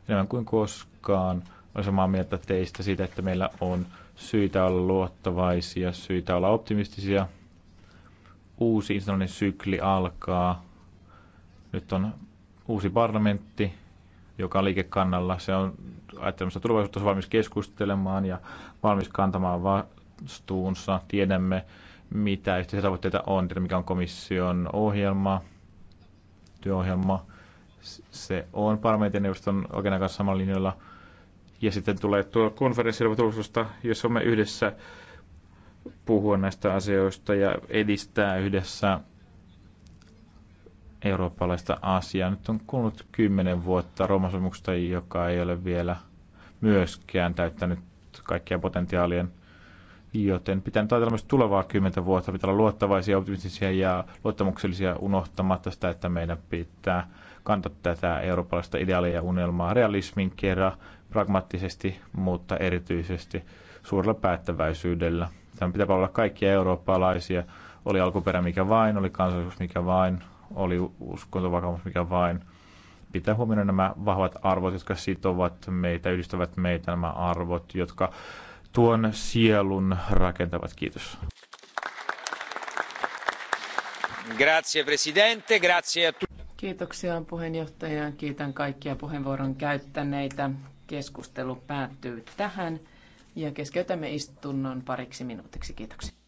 A: Enemmän kuin koskaan olen samaa mieltä teistä siitä, että meillä on syitä olla luottavaisia, syitä olla optimistisia. Uusi islannin sykli alkaa. Nyt on uusi parlamentti, joka on liikekannalla. Se on ajattelemassa tulevaisuutta, on valmis keskustelemaan ja valmis kantamaan vastuunsa. Tiedämme, mitä yhteisiä tavoitteita on, tiedämme, mikä on komission ohjelma, työohjelma. Se on parlamentin neuvoston oikein kanssa samalla linjoilla. Ja sitten tulee tuo konferenssi turvallisuudesta, jossa me yhdessä puhua näistä asioista ja edistää yhdessä eurooppalaista asiaa. Nyt on kulunut kymmenen vuotta romasomuksesta, joka ei ole vielä myöskään täyttänyt kaikkia potentiaalien joten pitää nyt ajatella myös tulevaa kymmentä vuotta, pitää olla luottavaisia, optimistisia ja luottamuksellisia unohtamatta sitä, että meidän pitää kantaa tätä eurooppalaista ideaalia ja unelmaa realismin kerran, pragmaattisesti, mutta erityisesti suurella päättäväisyydellä. Tämä pitää olla kaikkia eurooppalaisia, oli alkuperä mikä vain, oli kansallisuus mikä vain, oli uskontovakaumus mikä vain. Pitää huomioida nämä vahvat arvot, jotka sitovat meitä, yhdistävät meitä, nämä arvot, jotka tuon sielun rakentavat. Kiitos. Grazie presidente, grazie a
B: Kiitoksia puheenjohtaja. Kiitän kaikkia puheenvuoron käyttäneitä. Keskustelu päättyy tähän ja keskeytämme istunnon pariksi minuutiksi. Kiitoksia.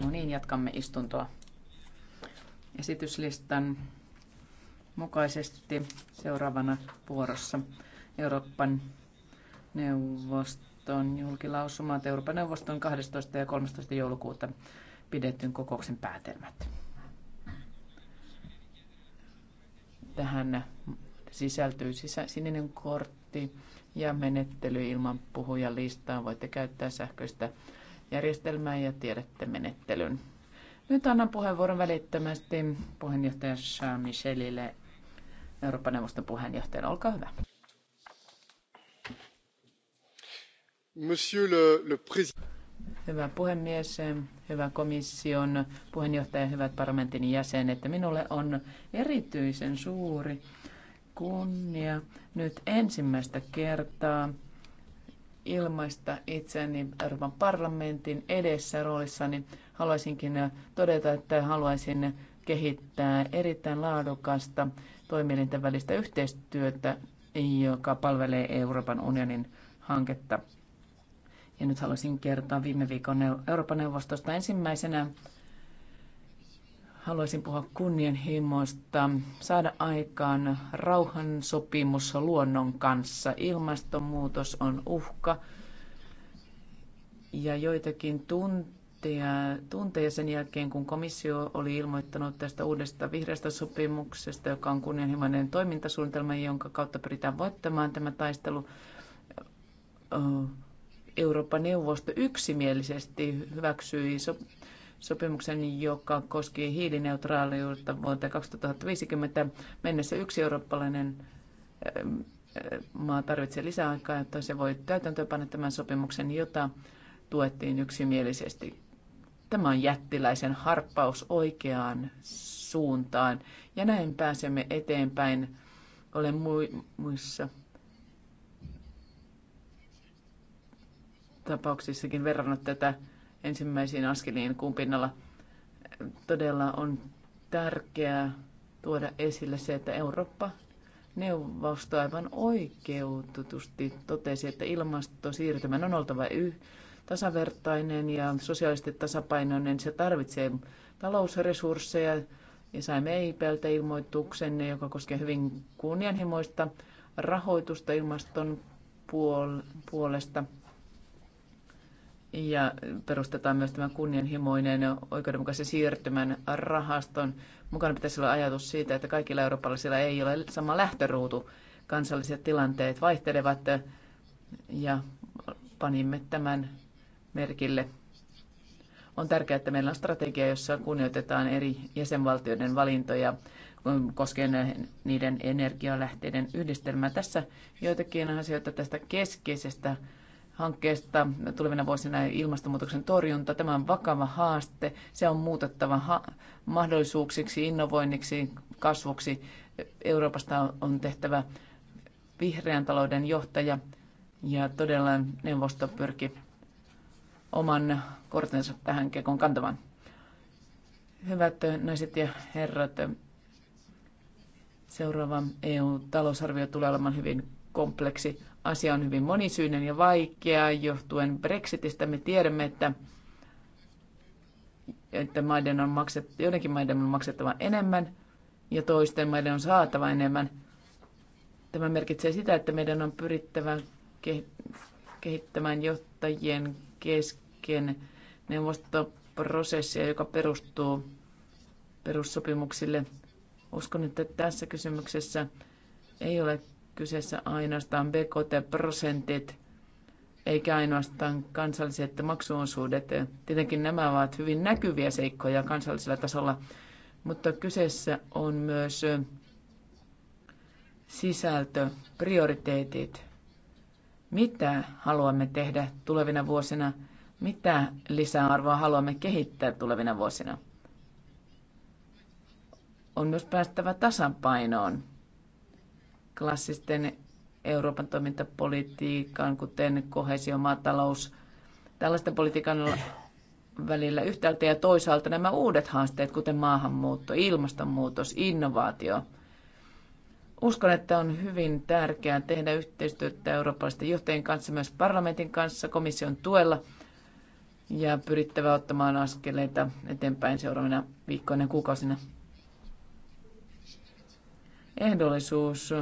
B: No niin, jatkamme istuntoa. Esityslistan mukaisesti seuraavana vuorossa Euroopan neuvoston julkilausumat Euroopan neuvoston 12. ja 13. joulukuuta pidetyn kokouksen päätelmät. Tähän sisältyy sisä, sininen kortti kortti ja menettely ilman puhujan listaa. Voitte käyttää sähköistä järjestelmää ja tiedätte menettelyn. Nyt annan puheenvuoron välittömästi puheenjohtaja Charles Michelille, Euroopan neuvoston puheenjohtajana. Olkaa hyvä.
C: Monsieur le, le président.
B: Hyvä puhemies, hyvä komission puheenjohtaja, hyvät parlamentin jäsenet. Minulle on erityisen suuri kunnia nyt ensimmäistä kertaa ilmaista itseäni Euroopan parlamentin edessä roolissani. Haluaisinkin todeta, että haluaisin kehittää erittäin laadukasta toimielinten välistä yhteistyötä, joka palvelee Euroopan unionin hanketta. Ja nyt haluaisin kertoa viime viikon Euroopan neuvostosta ensimmäisenä Haluaisin puhua kunnianhimoista, saada aikaan rauhan luonnon kanssa. Ilmastonmuutos on uhka ja joitakin tunteja, tunteja sen jälkeen, kun komissio oli ilmoittanut tästä uudesta vihreästä sopimuksesta, joka on kunnianhimoinen toimintasuunnitelma, jonka kautta pyritään voittamaan tämä taistelu. Euroopan neuvosto yksimielisesti hyväksyi sopimuksen, joka koski hiilineutraaliutta vuoteen 2050 mennessä. Yksi eurooppalainen eh, eh, maa tarvitsee lisää jotta se voi täytäntöönpanna tämän sopimuksen, jota tuettiin yksimielisesti. Tämä on jättiläisen harppaus oikeaan suuntaan ja näin pääsemme eteenpäin. Olen mu- muissa tapauksissakin verrannut tätä ensimmäisiin askeliin kuun pinnalla. Todella on tärkeää tuoda esille se, että Eurooppa neuvosto aivan oikeutetusti totesi, että ilmastosiirtymän on oltava yh, tasavertainen ja sosiaalisesti tasapainoinen. Se tarvitsee talousresursseja ja saimme EIPltä ilmoituksen, joka koskee hyvin kunnianhimoista rahoitusta ilmaston puol- puolesta – ja perustetaan myös tämä kunnianhimoinen oikeudenmukaisen siirtymän rahaston. Mukana pitäisi olla ajatus siitä, että kaikilla eurooppalaisilla ei ole sama lähtöruutu. Kansalliset tilanteet vaihtelevat ja panimme tämän merkille. On tärkeää, että meillä on strategia, jossa kunnioitetaan eri jäsenvaltioiden valintoja koskien niiden energialähteiden yhdistelmää. Tässä joitakin asioita tästä keskeisestä hankkeesta tulevina vuosina ilmastonmuutoksen torjunta. Tämä on vakava haaste. Se on muutettava mahdollisuuksiksi, innovoinniksi, kasvuksi. Euroopasta on tehtävä vihreän talouden johtaja ja todella neuvosto pyrki oman kortensa tähän kekon kantamaan. Hyvät naiset ja herrat, seuraava EU-talousarvio tulee olemaan hyvin kompleksi Asia on hyvin monisyinen ja vaikea johtuen Brexitistä. Me tiedämme, että, että maiden on makset, joidenkin maiden on maksettava enemmän ja toisten maiden on saatava enemmän. Tämä merkitsee sitä, että meidän on pyrittävä kehittämään johtajien kesken neuvostoprosessia, joka perustuu perussopimuksille. Uskon, että tässä kysymyksessä ei ole kyseessä ainoastaan BKT-prosentit, eikä ainoastaan kansalliset maksuosuudet. Tietenkin nämä ovat hyvin näkyviä seikkoja kansallisella tasolla, mutta kyseessä on myös sisältö, prioriteetit. Mitä haluamme tehdä tulevina vuosina? Mitä lisäarvoa haluamme kehittää tulevina vuosina? On myös päästävä tasapainoon klassisten Euroopan toimintapolitiikan, kuten kohesio, maatalous, tällaisten politiikan välillä yhtäältä ja toisaalta nämä uudet haasteet, kuten maahanmuutto, ilmastonmuutos, innovaatio. Uskon, että on hyvin tärkeää tehdä yhteistyötä eurooppalaisten johtajien kanssa, myös parlamentin kanssa, komission tuella ja pyrittävä ottamaan askeleita eteenpäin seuraavina viikkoina ja kuukausina. Ehdollisuus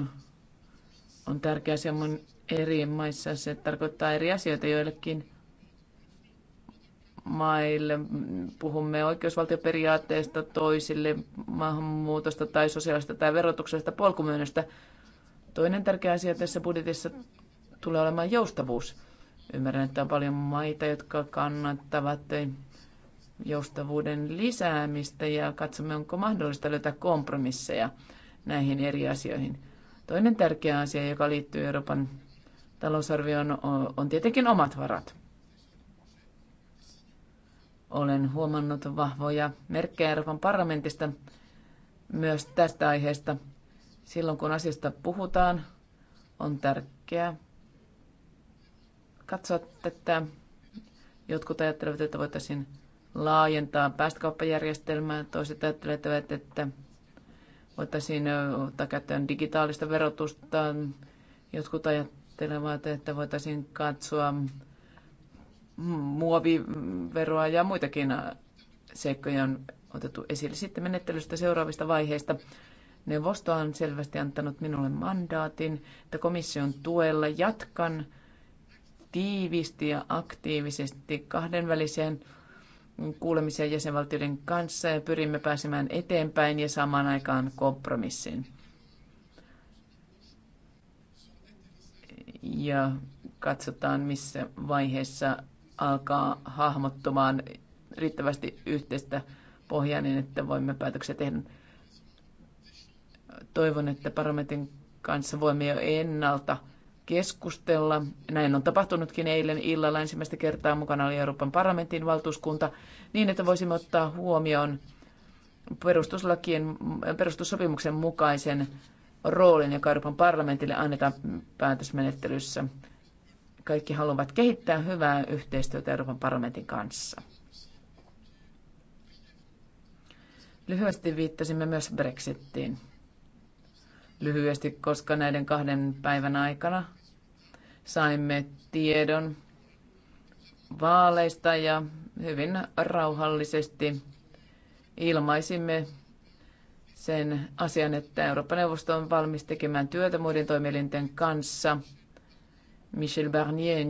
B: on tärkeä semmoinen eri maissa. Se tarkoittaa eri asioita joillekin maille. Puhumme oikeusvaltioperiaatteesta toisille, maahanmuutosta tai sosiaalista tai verotuksesta, polkumyynnöstä. Toinen tärkeä asia tässä budjetissa tulee olemaan joustavuus. Ymmärrän, että on paljon maita, jotka kannattavat joustavuuden lisäämistä ja katsomme, onko mahdollista löytää kompromisseja näihin eri asioihin. Toinen tärkeä asia, joka liittyy Euroopan talousarvioon, on tietenkin omat varat. Olen huomannut vahvoja merkkejä Euroopan parlamentista myös tästä aiheesta. Silloin kun asiasta puhutaan, on tärkeää katsoa tätä. Jotkut ajattelevat, että voitaisiin laajentaa päästökauppajärjestelmää, toiset ajattelevat, että voitaisiin ottaa käyttöön digitaalista verotusta. Jotkut ajattelevat, että voitaisiin katsoa muoviveroa ja muitakin seikkoja on otettu esille. Sitten menettelystä seuraavista vaiheista. Neuvosto on selvästi antanut minulle mandaatin, että komission tuella jatkan tiivisti ja aktiivisesti välisen kuulemisia jäsenvaltioiden kanssa ja pyrimme pääsemään eteenpäin ja samaan aikaan kompromissin. Ja katsotaan, missä vaiheessa alkaa hahmottumaan riittävästi yhteistä pohjaa niin, että voimme päätöksiä tehdä. Toivon, että parlamentin kanssa voimme jo ennalta keskustella. Näin on tapahtunutkin eilen illalla ensimmäistä kertaa. Mukana oli Euroopan parlamentin valtuuskunta niin, että voisimme ottaa huomioon perustuslakien, perustussopimuksen mukaisen roolin, joka Euroopan parlamentille annetaan päätösmenettelyssä. Kaikki haluavat kehittää hyvää yhteistyötä Euroopan parlamentin kanssa. Lyhyesti viittasimme myös Brexittiin. Lyhyesti, koska näiden kahden päivän aikana saimme tiedon vaaleista ja hyvin rauhallisesti ilmaisimme sen asian, että Euroopan neuvosto on valmis tekemään työtä muiden toimielinten kanssa Michel Barnier